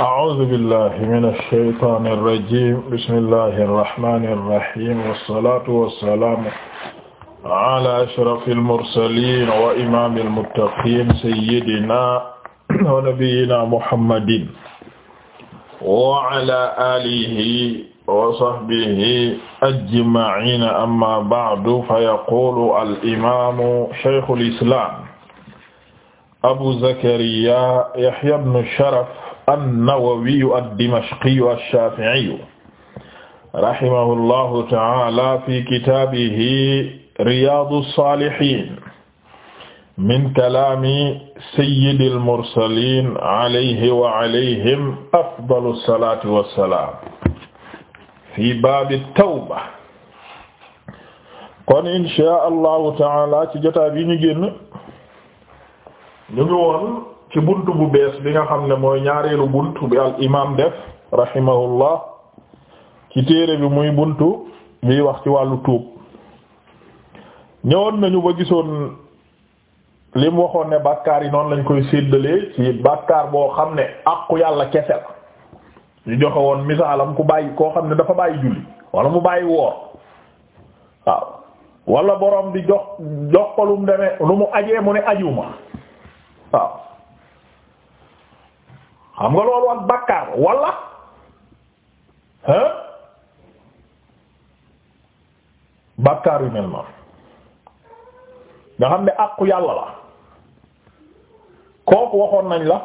a'uuzu billahi mina shaytaani rajiim bismillahi rahmaani rahiim wassalaatu wassalaamu alaa ashrafil mursaliin wa imaamil muttaqiin sayyidinaa wa nabiyyinaa muhammadin wa alaa aalihi wa sahbihi ajma'iin ammaa ba'du fayaquulu al-imaamu shaykhul islaam abu zakariyaa yahyaa ibnu sharaf an-Nawawiyu ad-Dimashqiyu ash-Shafi'iyu rahimahullahu ta'ala fi kitaabihi Riyaadu s-Saalihiin min kalaami sayyidil mursaliin alayhi wa alayhim afdalu s-salaati wa s-salaam fi baabi t-tawba kon inshaa Allahu ta'ala ci jotaay bi ñu génn ñu ngi woon ci bunt bu bees bi nga xam ne mooy ñaareelu bunt bi al imaam def rahimahullah ci téere bi muy buntu biy wax ci wàllu tuub ñëwoon nañu ba gisoon lim waxoon ne bàkkaar yi noonu lañ koy séddalee ci bàkkaar boo xam ne àqu yàlla kese la ñu joxe woon misaalam ku bàyyi koo xam ne dafa bàyyi julli wala mu bàyyi woor waaw wala borom di jox jox ko lu mu demee lu mu ajee mu ne ajuma waaw xam nga loolu ak bàkkaar wala hein bàkkaar yu mel noonu nga xam ne àqu yàlla la kooku waxoon nañ la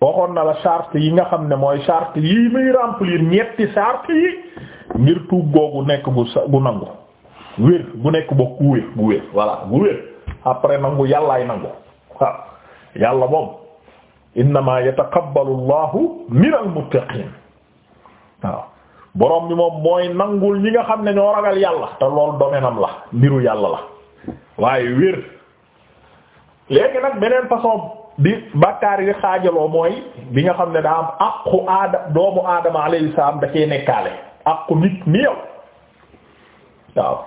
waxoon na la charte yi nga xam ne mooy charte yi muy remplir ñetti charte yi ngir tuub googu nekk gu sa gu nangu wér bu nekk bokk ku wér bu wér voilà bu wér après nangu yàllaay nangu waaw yàlla moom innama yataqabbalu llahu min almuttaqin waaw borom bi moom mooy nangul ñi nga xam ne ñoo ragal yàlla te loolu domenam la mbiru yàlla la waaye wér léegi nag beneen façon bi bàkkaar yi xaajaloo mooy bi nga xam ne daa am aqu aada doomu aadama alayhi salaam da cee nekkaale aqu nit ni yow waaw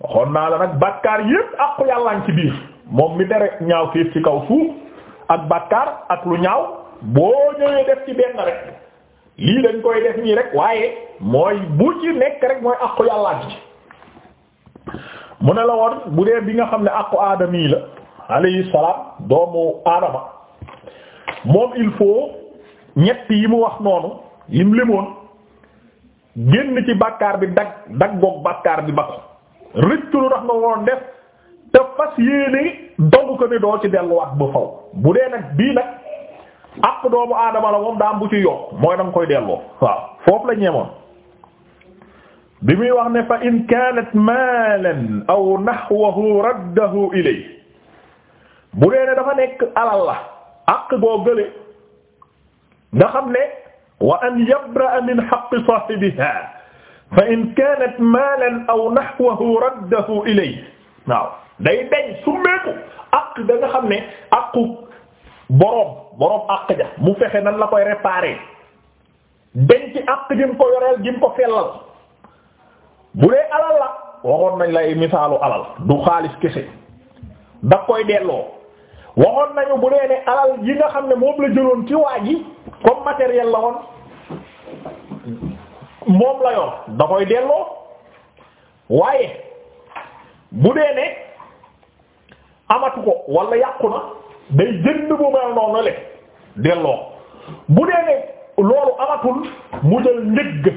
waxoon naa la nag bàkkaar yépp aqu yàllaan ci biir moom mi dere ñaaw fiif ci kaw suuf ak bàkkaar ak lu ñaaw boo ñëwee def ci benn rek lii dañ koy def nii rek waaye mooy bu ci nekk rek mooy àqu yàllaa ci mu ne la woon bu dee bi nga xam ne àqu aadama yi la alayhi salaam doomu aadama moom il faut ñett yi mu wax noonu yim mu limoon génn ci bakkaar bi dag dag bakkaar bàkkaar bi ba ko rëccu lu tax nga woon def te fas yéene dogu ko ne doo ci delluwaat ba faw bu dee nag bii nag àq doomu aadama la moom daa ci yokk mooy da nga koy delloo waaw foofu la ñeemoon bi muy wax ne fa in kanat maalan aw nahwahu raddahu ilay bu dee ne dafa nekk alal la àq xam ne wa an yabra min haqqi saahibiha fa in kanat maalan aw nahwahu raddahu ilay waaw day deñ su xam ne boroom boroom àq ja mu fexe nan la koy réparer denc àq ji mu ko yoreel ji mu ko fellal bu dee alal la waxoon nañ lay misaalu alal du xaalis kese da koy delloo waxoon nañu bu dee ne alal yi nga xam ne moom la jëloon ci waa ji comme matériel la woon moom la yor da koy delloo waaye bu dee ne amatu ko wala yàqu na day jënd bu mel noonu le delloo bu dee ne loolu amatul mu jël njëgg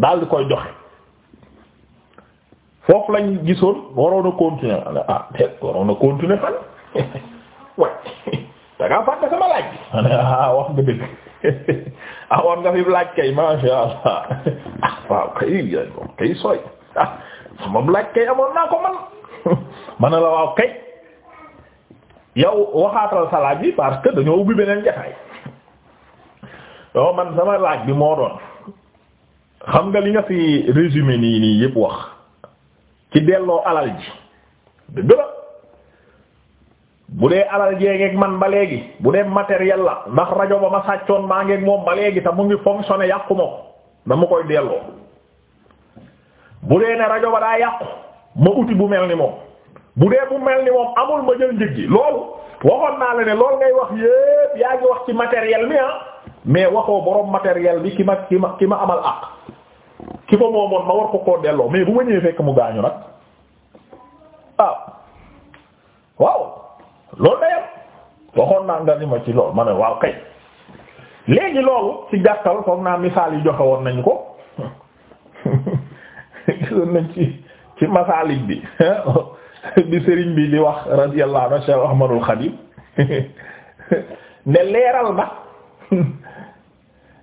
daal di koy joxe foofu lañ gisoon waroon a continuer ah laaj bi ne ah, ah, ah waaw kay kay sooy ah moom kay amoon naa ko man ma la waaw kay yow waxaatal sa laaj bi parce que dañoo ubbi beneen jotaay yow man sama laaj bi moo doon xam nga li nga fi résumé nii nii yépp wax ci delloo alal ji bu dee alal jeegeeg man ba léegi bu dee matériel la ndax rajo ba ma sàccoon maa ngeeg moom ba léegi te mu ngi fonctionné yàqu ma ko dama koy delloo bu dee ne rajo ba daa yàqu ma uti bu mel ni moom. bu dee bu mel ni moom amul ma jël njëg gi loolu waxoon naa la ne loolu ngay wax yépp yaa ngi wax ci matériel mi ah mais waxoo borom matériel bi ki ma ki ma ki ma amal àq ki ko moomoon ma war ko koo delloo mais bu ma ñëwee fekk mu gaañu nag waaw ah waaw loolu dayam waxoon naa nga ni ma ci loolu ma ne waaw kay léegi loolu ci gàttal foog naa misaal yi joxe woon nañu ko gisoon nañ ci ci bi bi sëriñ bi di wax radiyallahu anhu Cheikh Ahmadul Khadim ne leeral na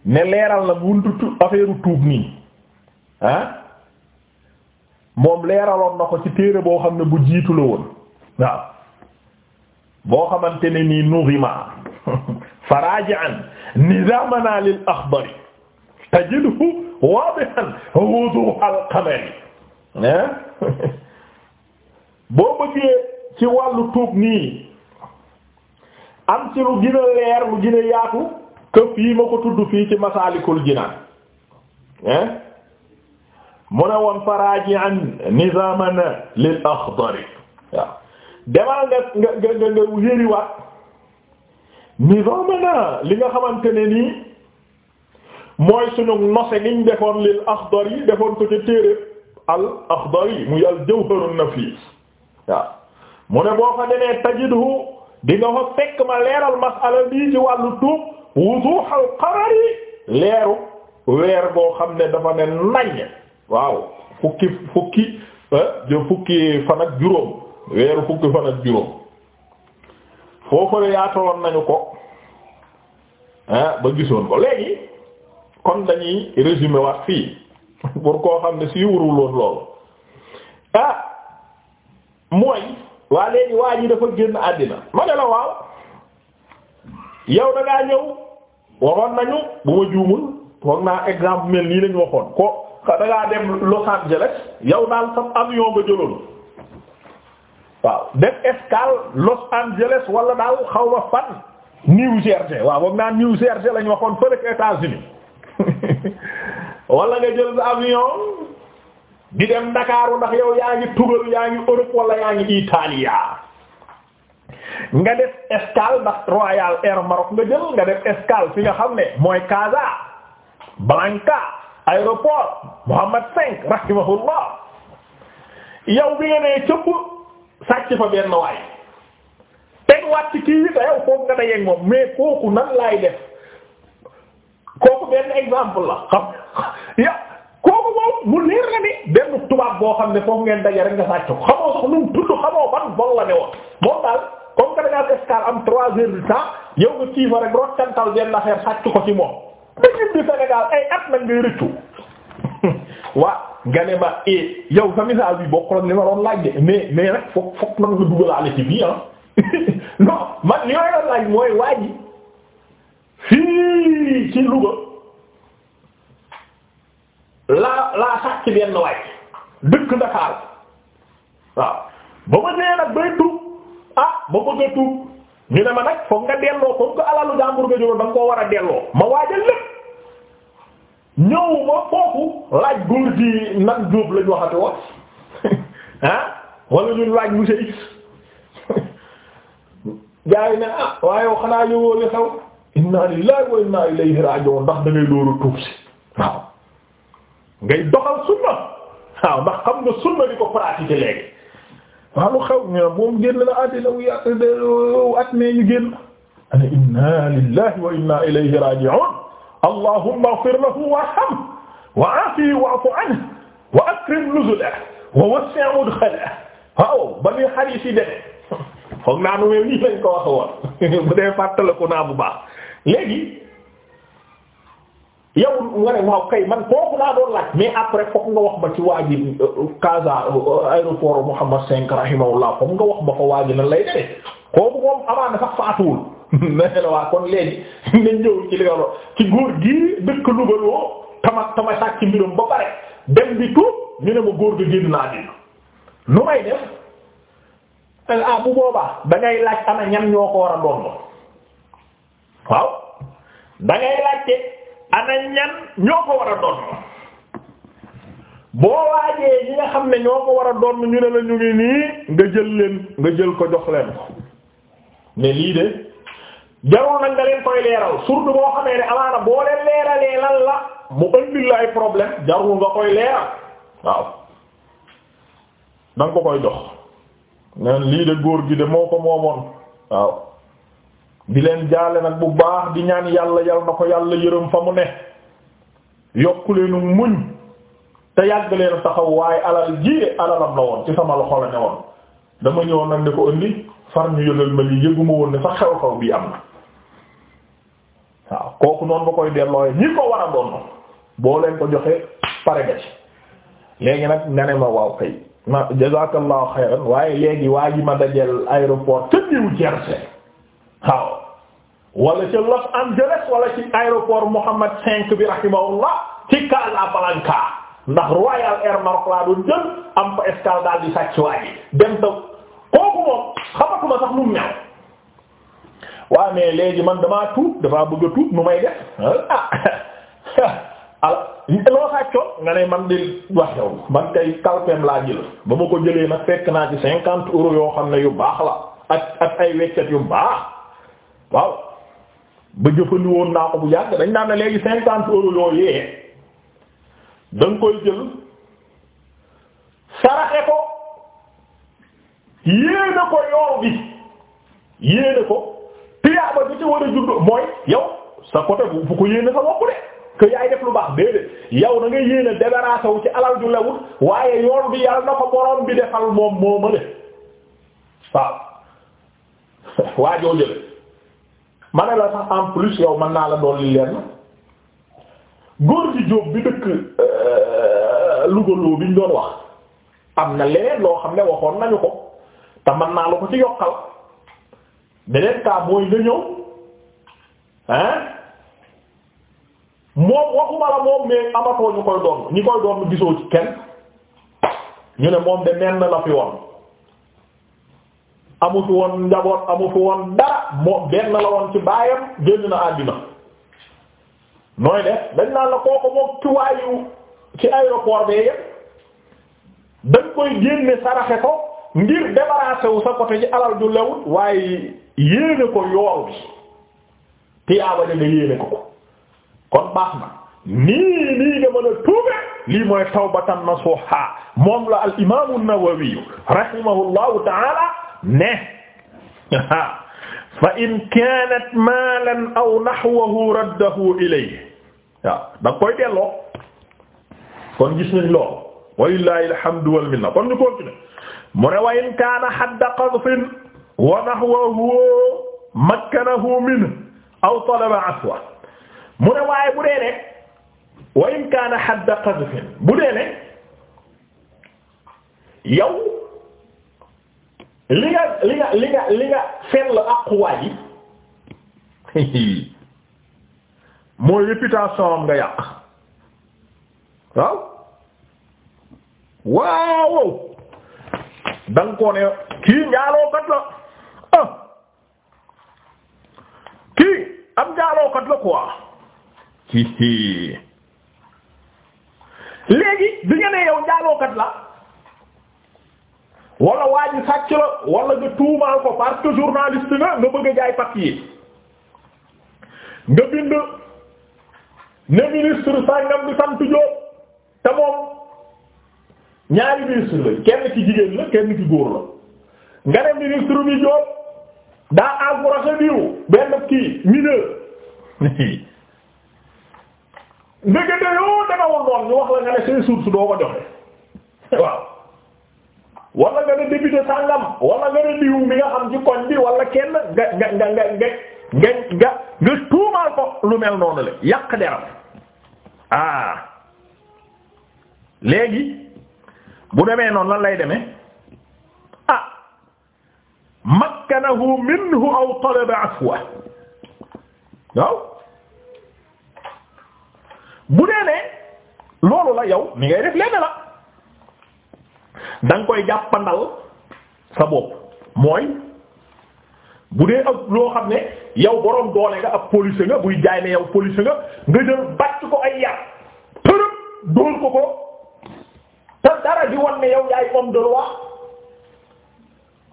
ne leeral na buntu affaire tuub nii ah moom leeraloon na ko ci téere boo xam ne bu jiitu la woon waaw boo xamante ne nii nughima faraji'an nizamana lil akhdari tajidhu wadihan wuduh al qamari ah? boo bëggee ci wàllu tuub nii am ci lu gën a leer lu gën a yaatu que fii ma ko tudd fii ci masaalikul jinaan hein mu ne woon faraaji an nizaaman lil axdari waaw demal nga nga nga nga yëriwaat nizaaman li nga xamante ne nii mooy suñu nose niñ defoon lil axdari defoon ko ca téere al axdari muy al jawharun nafiis waaw mu ne boo fa demee tajidhu di nga fa fekk ma leeral masala bii ci wàllu tuub wuduhal qamari leeru weer boo xam ne dafa ne naññ waaw fukki ah, fukki fan ak juróom weeru fukki fan ak juróom foofale yaataloon nañu ko ah ba gisoon ko léegi kon dañuy résumé wax fii pour koo xam ne si wurul loolu ah mooy waa léegi waa ji dafa génn àddina ma ne waaw yow da ñëw waxoon nañu bu ma juumul foog naa exemple mel nii lañu waxoon ko da ngaa dem Los Angeles yow daal sam avion ba jëloon waaw def escale Los Angeles wala daal xaw ma fan New Jersey waaw foog naa New Jersey lañu waxoon fële ca États-Unis wala nga jël sa avion di dem Ndakaaru ndax yow yaa ngi tugal yaa ngi Europe wala yaa ngi Italia nga def escale ndax Royal Air Maroc nga jël nga def escale fi nga xam ne mooy Casablanca aéroport Mohammed V rahimahullah yow bi nga nee cëpp sàcc fa benn waay teg wàcc kii yi te yow nga dajeeg moom mais kooku nan laay def kooku benn exemple la xam boo xam ne foofu ngeen daje rek nga sàcc ko xamoo sax nu mu tudd xamoo ban la ne woon moom daal comme que da am trois heures temps yow nga kii fa rek rottantal benn affaire sàcc ko ci moom. te ñun di Sénégal ay at nag ngay rëccu waa nga ne ma eh yow sa misaal bi bokkul ak li ma doon laaj mais mais nag foog foog na nga dugalaale ci biir ah non man li ma laaj mooy waa ji fii ci Louga laa laa sàcc benn waay. dëkk Ndakaaru waaw ba ma nee nag bay tuub ah ba bëgg a tuub ñu ne nga alalu jàmbur nga jëloon da nga koo war a delloo ma waajal lépp ñëw ma foofu laaj góor gi nan Jóob lañu waxati wax ah wala ñun laaj monsieur X gars yi ne ah waaye xanaa yowoo li xew inna lillahi wa inna ilayhi raji'un ndax da ngay dóoru si waaw ngay doxal sunna waaw ndax xam nga sunna di ko pratiquer léegi waaw lu xew ñu moom génn la àddina wu yàq at mee ñu génn ana inna lillahi wa inna ilayhi raji'un allahumma ighfir lahu warhamhu wa afihi wa'fu anhu wa akrim nuzulahu wa wassi' mudkhalahu waaw ba nuy xarit yi deme foog naa nu mel nii lañ ko wax woon bu dee fàttaliku naa bu baax léegi yow nga ne waaw kay man kooku laa doon laaj mais après fokk nga wax ba ci waa ji euh, Casa euh, aéroport Mohammed V rahimahullah fokk nga wax ba ko waa ji nan lay dee kooku moom amaana sax faatuwul nee na waa kon léegi nañ ñëw ci li ci góor gii dëkk Louga loo tama tama sàcc mbirum ba pare dem bi tuub ñu ne ma góor gi génn naa dina nu may def euh, ah bu boobaa dangay ngay laaj ana ñan ñoo ko war a doon waaw da ngay laajte. ana ñan ñoo ko war a doon boo waajee ñi nga xam ne ñoo ko war a doon ñu ne la ñu ngi nii nga jël leen nga jël ko jox leen ko ne lii de jarul nag nga leen koy leeral surtout boo xamee ne amaana boo leen leeralee lan la mu ëndil la ay problème jarul nga koy leeral waaw da ko koy jox neen lii de góor gi de moo ko moomoon waaw di leen jaale nag bu baax di ñaan yàlla yal na ko yàlla yërëm fa mu ne yokku leenu muñ te yàgg leen taxaw waaye alal ji alalam la woon ci sama loxo la ne woon dama ñëwoon nag ne ko indi far ñu yëgal ma lii yëguma woon ne sax xew-xew bii am na waaw kooku noonu ba koy dellooye ñi ko war a doon boo leen ko joxee pare nga ci léegi nag nga ne ma waaw kay ma jazakallahu xayran waaye léegi waa ji ma dajeel aéroport te diw Jersey waaw wala ca Los Angeles wala ci aéroport Mohammed V bi rahimahullah ci Casablanca ndax Royal Air Maroc laa doon jël am fa escale daal di sàcc waaye dem kooku moom xamatuma sax nu mu mel. waaw mais man damaa tuub dafa bëgg a tuub nu may def ah. loo sàccoon nga ne man di wax man kay kalpeem laa jël ba ma ko jëlee nag fekk naa ci cinquante euros yoo xam ne yu baax la ak ak ay weccet yu baax waaw. ba jëfandi woon naa ko bu yàgg dañ naan ne léegi cinquante euros yooyu yee da nga koy jël saraxe ko yéene ko yool bi ko tiyaaba bi ci war a judd mooy yow sa côté bu fu ko yéene sa bopp de que yaay def lu baax déedéet yow na nga yéene débarrassé wu ci alal ju lewul waaye yool bi yàlla na ko borom bi defal moom moo ma de waaw waajoo jële ma la sax en plus yow man naa la dolli lenn góor gi Jóob bi dëkk euh, lugaloo bi ñu doon wax am na leneen loo xam ne waxoon nañu ko te man naa la ko ci yokkal beneen cas mooy nga ñëw hein moom waxuma la moom mais amatoo ñu koy doon ñi koy doon gisoo ci kenn ñu ne moom de nenn la fi woon amu woon njaboot amu woon dara moo benn la woon ci baayam génn na àddina nooy def dañ naan la kooku moom ci waayu ci aéroport bee yépp dañ koy génne saraxe ko ngir débarrasser wu sa côté ci alal ju waaye yéene ko yool bi tiyaaba ja nga yéene ko ko kon baax na nii nii nga mën a lii mooy tawbatan nasuha moom la al imaamu Nawawi rahimahullahu ta'ala ne fa in kaanat maalan aw naxwahu raddahu ilayhi waaw da koy delloo kon gis nañ loolu walillahi alhamdu wal minna kon ñu continuer mu ne wa in kaana hadda qadfin wa naxwahu makkanahu minhu aw talaba afwa mu ne waaye bu dee ne wa in kaana hadda qadfin bu dee ne yow li nga li nga li nga li nga fen la àquwaay yi mooy réputation am nga yàq waaw waaw da nga koo kii njaalookat la ah. kii am njaalookat la quoi léegi bi nga ne yow njaalookat la wala waa ji sàcc la wala nga tuumaal ko parce que nga nga bëgg a jaay nga bind ne ministre sàngam bi sant Diop te moom ñaari ministre la kenn ci jigéen la kenn ki góor la nga ne ministre bi Diop daa encouragé diw benn kii mineur ndekete yoo danga woon noonu wax la nga ne say source doo ko joxe waaw wala nga ne député sàngam wala nga ne diw mi nga xam ci koñ bi wala kenn nga nga nga nga tuumaal ko lu mel noonu la yàq deram ah léegi bu demee noon lan lay deme ah makkanahu minhu aw talaba afwa waaw bu dee ne loolu la yow mi ngay def lenn la da koy jàppandal sa bopp mooy bu dee ak loo xam ne yow boroom doole nga ab police nga buy jaay ne yow police nga nga jël bàcc ko ay yar përëb dool ko ko te dara di wan ne yow yaay homme de loi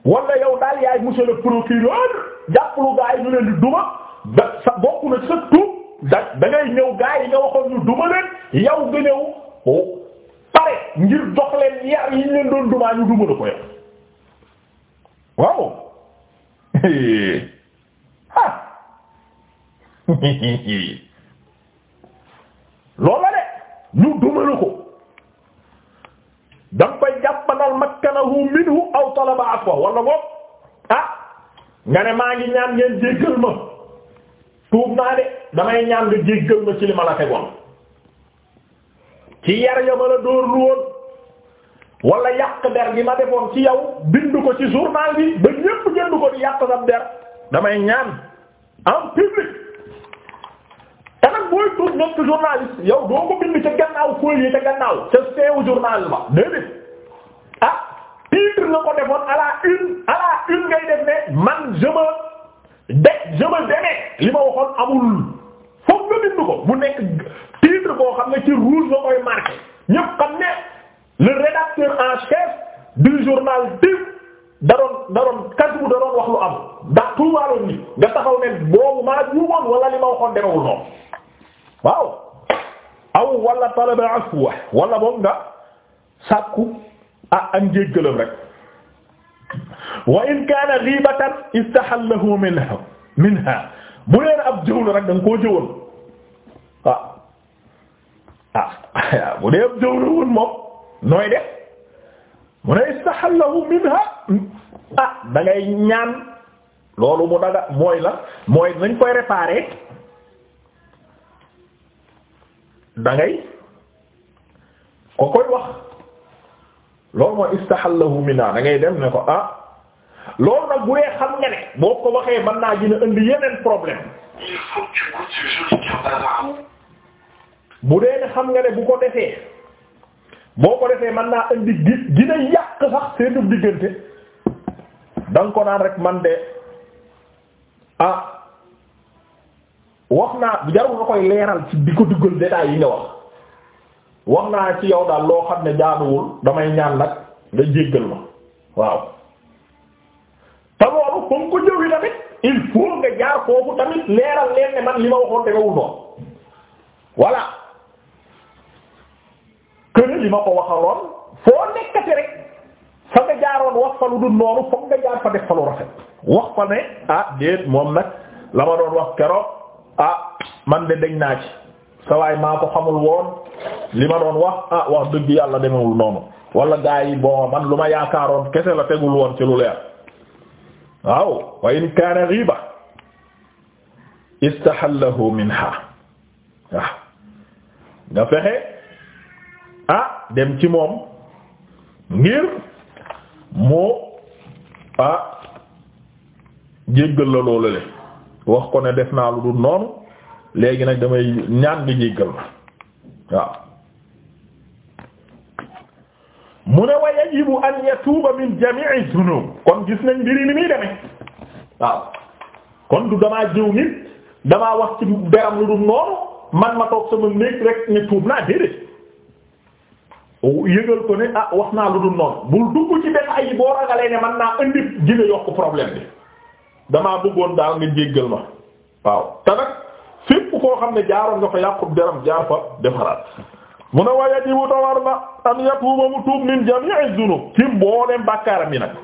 wala yow daal yaay monsieur le procureur jàppalu gaa yi ñu leen di duma da sa bokk na sa da da ngay ñëw gaa yi nga waxoon ñu duma leen yow nga ñëw oh, pare ngir jox leen yar yi ñu leen doon dumaa ñu duma la ko yow waaw ah loolu la de ñu duma la ko danga koy jàppanal makkanahu minhu aw talaba afwa wala boog ah nga ne maa ngi ñaan ngeen jéggal ma tuub naa de damay ñaan nga jéggal ma ci li ma ci yar ya ma la dóor lu woon yàq der gi ma defoon ci yow bind ko ci journal bi ba ñépp jënd ko di yàq sam der damay ñaan en public te booy tuut nekk journaliste yow doo ko bind ca gannaaw feuille yi ca gannaaw ca seewu journal ba déedéet ah titre la ko defoon à une à une ngay def man je de je deme li ma waxoon amul foog nga bind ko bu nekk titre boo xam ne ci rouge la koy marqué ñëpp xam ne le rédacteur en chef du journal diw daroon daroon kàddu bu daroon wax lu am ndax tuumaaloon ni nga taxaw ne boobu maa juumoon wala li ma waxoon demewul noonu waaw aw wala talaba afwa wala boog nga sàkku ah ak njéggalam rek wa in kaana ghibatan istahallahu minha minha bu leen ab jëw la rek da nga koo jëwoon ah bu dee ab jawru woon moom nooy def mu ne istahallahu minha ah da ñaan loolu mu daga mooy la mooy nañ koy réparer dangay ngay ko koy wax loolu mooy istahallahu minha da ngay dem ne ko ah loolu nag bu dee xam nga ne boo ko waxee mën naa gën a indi yeneen problème. bu dee ne xam nga ne bu ko defee boo ko defee mën naa indi gi dina yàq sax seen dub diggante da ko naan rek man de ah wax naa jarul nga koy leeral ci di ko duggal détails yi nga wax wax naa ci yow daal loo xam ne jaaduwul damay ñaan nag nga jéggal ma waaw te loolu comme ko jëwi tamit il faut nga jaar foofu tamit leeral leen ne man li ma waxoon dama wutoon voilà këne li ma ko waxaloon foo nekkati rek fa nga jaaroon wax fa lu dul noonu foog nga jaar fa def fa lu rafet wax fa ne ah déet moom nag la ma doon wax keroog ah man de deñ naa ci sa maa ko xamul woon li ma doon wax ah wax dëgg yàlla demewul noonu wala gaa yi bon man lu ma yaakaaroon kese la tegul woon ci lu leer waaw wa in kaana ghiba istahallahu minha waaw nga fexe ah dem ci moom ngir moo ah jéggal la loolu le wax ko ne def naa lu dul noonu léegi nag damay ñaan nga jéggal la waaw mu ne wa yajibu an yatuuba min jami'i dunub kon gis nañ mbiri ni muy demee waaw kon du damaa jiw nit damaa wax ci deram lu dul noonu man ma toog sama néeg rek ne tuub naa déedéet yëgal ko ne ah wax naa lu dul noonu bul dugg ci benn ay boo ragalee ne man naa indi dina yokk problème bi damaa bëggoon daal nga jéggal ma waaw te nag koo xam ne jaaroon nga fa yàqub deram jaar fa defaraat mu ne waaye ji bu tawar na an yatuuba mu tuub min jami'i zunub ci mbooleem bàkkaaram yi nag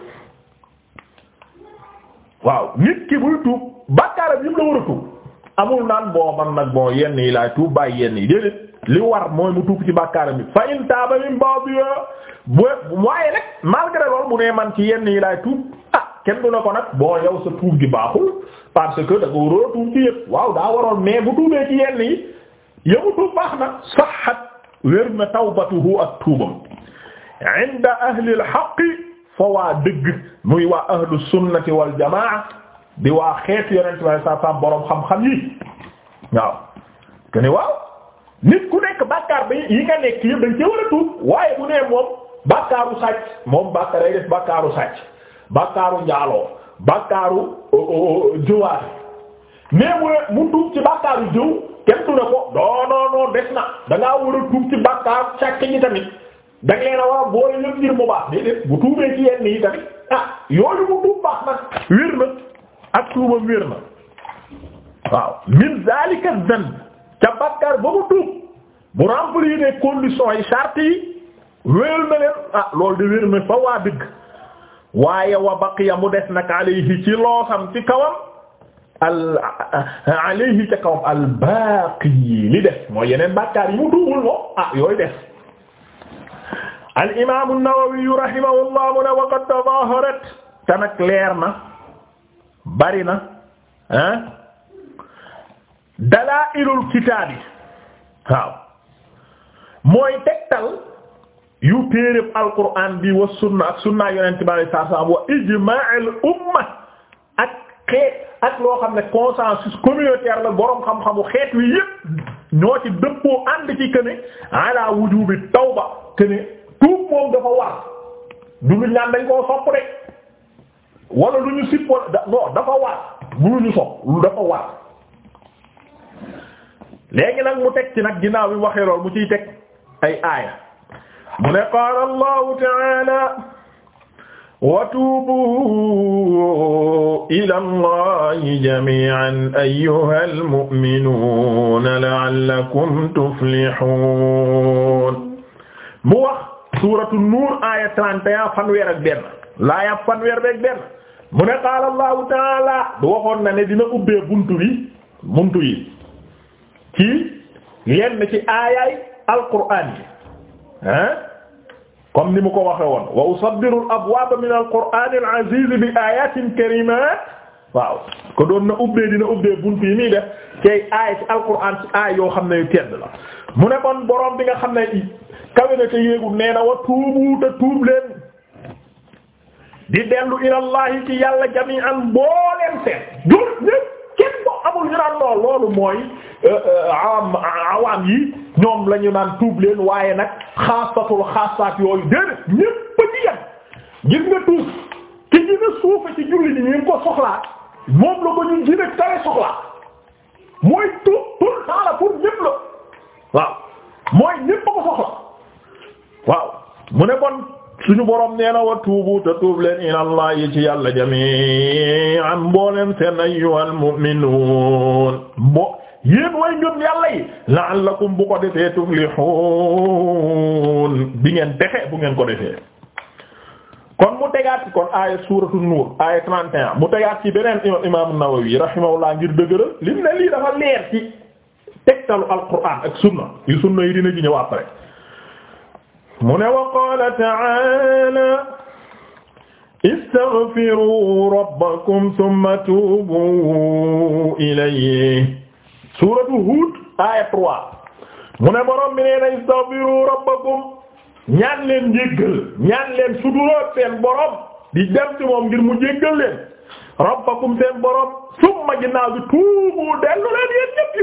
waaw nit ki buy tuub bàkkaaram yi mu la war a tuub amul naan boo man nag boo yenn yi laay bàyyi yenn yi déedéet li war mooy mu tuub ci bàkkaaram bi fa in taaba min ba'di waaye nag malgré loolu mu ne man ci yenn yi tuub ah kenn du na ko nag bon yow sa tuub gi baaxul parce que da nga war a tuub ci yëpp ci yenn yi yow tuub baax na saxat wér na tawbatuhu ak tuubam inda ahli al-haqq fa waa dëgg muy waa ahlu sunnati wal jamaa di waa xeetu yonent bi sallallahu alayhi wasallam boroom xam-xam yi waaw kene waaw nit ku nekk bàkkaar bi yi nga nekk yëpp dañ cee war a tuub waaye bu nee moom bàkkaaru sàcc moom bàkkaar day def bàkkaaru sàcc bàkkaaru njaaloo bàkkaaru jëwaar mais mu mu tuub ci bàkkaaru jëw kenn du ne ko non non non des na da ngaa war a tuub ci bàkkaar sàcc yi tamit da ngeen a war a boole ñëpp ngir mu baax déedéet bu tuubee ci yenn yi tamit ah mu tuub baax nag wér na ak tuubam wér waaw min zalika dhanb ca bàkkaar ba mu tuub mu remplir les conditions yi charte yi wéyal na leen ah loolu de wér na fa waa waaye wa baqiya mu des nag alayhi ci loosam ci kawam al alayhi ca kawam al baaqi li des mooy yeneen bàkkaar yi mu tuubul moom ah yooyu des al imaamu an-Nawawi rahimahullah mu ne waqad tadaharat te nag leer na bari na ah dalaa'ilul kitaabi waaw mooy tegtal yu téereeb alquran bi wa sunna sunna yonent bi alayhi salaam wa ijmaa'il umma ak xeet ak loo xam ne consensus communautaire la boroom xam-xamu xeet wi yépp ñoo ci dëppoo ànd ci këne ala wujubi tawba këne tuub moom dafa war du lu ñaan dañ koo sopp rek wala lu ñu sippo da- dafa war bu lu ñu sopp lu dafa war léegi nag mu teg ci nag ginnaaw bi waxee lool ciy teg ay aaya mu ne qaala allahu taala wa tuubu ila allahi jami'an ayyuha almu'minuuna la'allakum tuflihun mu wax suuratu nuur aaya 31 fanweer ak benn laaya fanweer ak benn mu ne qaala allahu taala du waxoon ne dina ubbee buntu bi buntu ci yenn ci aayaay alquraan yi ah comme ni mu ko waxe woon wa usaddiru al abwaaba min alquraan al bi ayatin karimat waaw ko doon na ubbee dina ubbee bunt yi muy def cay aay alquraan ci aay yoo xam ne yu tedd la mu ne kon borom bi nga xam ne kawe na te yéegul nee na wa tuubu te tuub leen di dellu ilallahi ci yàlla jami'an boo leen seet jur ñëpp kenn ko amul ñu naan loolu mooy awam euh, euh, awam yi ñoom lañu ñu naan tuub leen waaye nag xaasatul xaasaat yooyu déedéet ñépp ba ci gis nga tuub ki gën a suufe ci julli ni ñu ko soxlaa moom la ko ñu gën a tare soxlaa mooy tuub tuub taala pour ñépp la waaw mooy ñépp a ko soxla waaw mu ne kon suñu borom nee na wa tuubu te tuub leen ilallahi ci yàlla jami'an mboolem seen ayyuhal mu'minuun yéen way ngëm yàlla yi la'allakum bu ko defee tuflihun bi ngeen defe bu ngeen ko defee kon mu tegaat ci kon aaya suuratu nuur aaya 31 mu tegaat ci beneen imaamu Nawawi rahimahullah ngir dëgëral lim ne lii dafa leer ci tegtalu alquran ak sunna yu sunna yi dina ci ñëw mu ne wa qaala ta'aala istaghfiru rabbakum thumma tuubu ilayhi suuratu Huud aaya 3 mu ne borom bi nee na istaghfiru rabbakum ñaan leen jéggal ñaan leen suduroot seen borom di dem ci moom ngir mu jéggal leen rabbakum seen borom summa ginnaaw bi tuubu dellu leen yéen ñëpp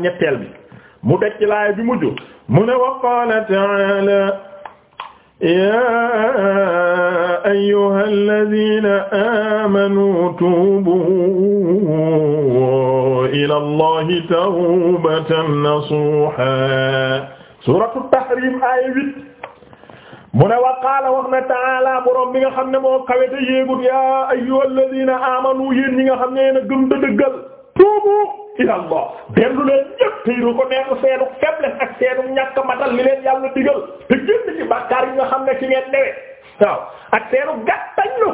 ñetteel bi mu dekk ci laaya bi mujj mu ne wa qaala ta'aala ayyuha alladhina amanu tubu ila allahi tawbatan nasuha suratu tahrim aya huit mu ne wa qaala wax na taala borom bi nga xam ne moo kawete yéegut ya ayyuha alladhina amanu yéen ñi nga xam ne yéena gëm da dëggal tubu ila allah dellu leen ñëpp tey du ko nekk seenu faiblesse ak seenu ñàkk matal li leen yàlla digal te génn ci bàkkaar yi nga xam ne ci ngeen newee waaw ak seenu gàttañ lu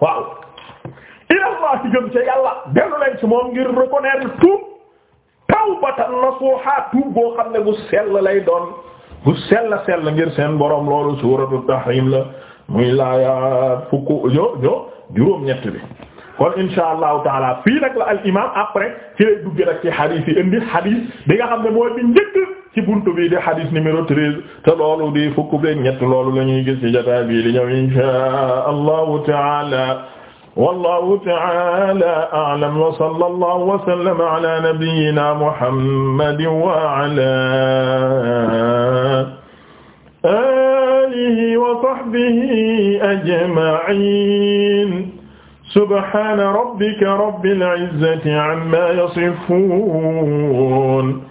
waaw ilallah ci jëm ca yàlla dellu leen ci moom ngir reconnaître tuub tawbatan nasuha tuub boo xam ne bu sell lay doon bu sell sell ngir seen borom loolu suuratu tahrim la muy laaya fukku yo yo juróom ñett kon insha allahu taala fii la al imam après lay dugg nag ci hadith indi hadith bi xam ne mooy bi ci buntu bi di hadith numéro treize te loolu di fukk beeg ñett loolu la ñuy gis ci jotaay bi li ñëw inshaa allahu taala wallahu taala a'lam wa sallallahu wa sallama ala nabiyyina muhammadin wa ala alihi wa sahbihi ajma'in subhana rabbika rabbil izzati amma yasifun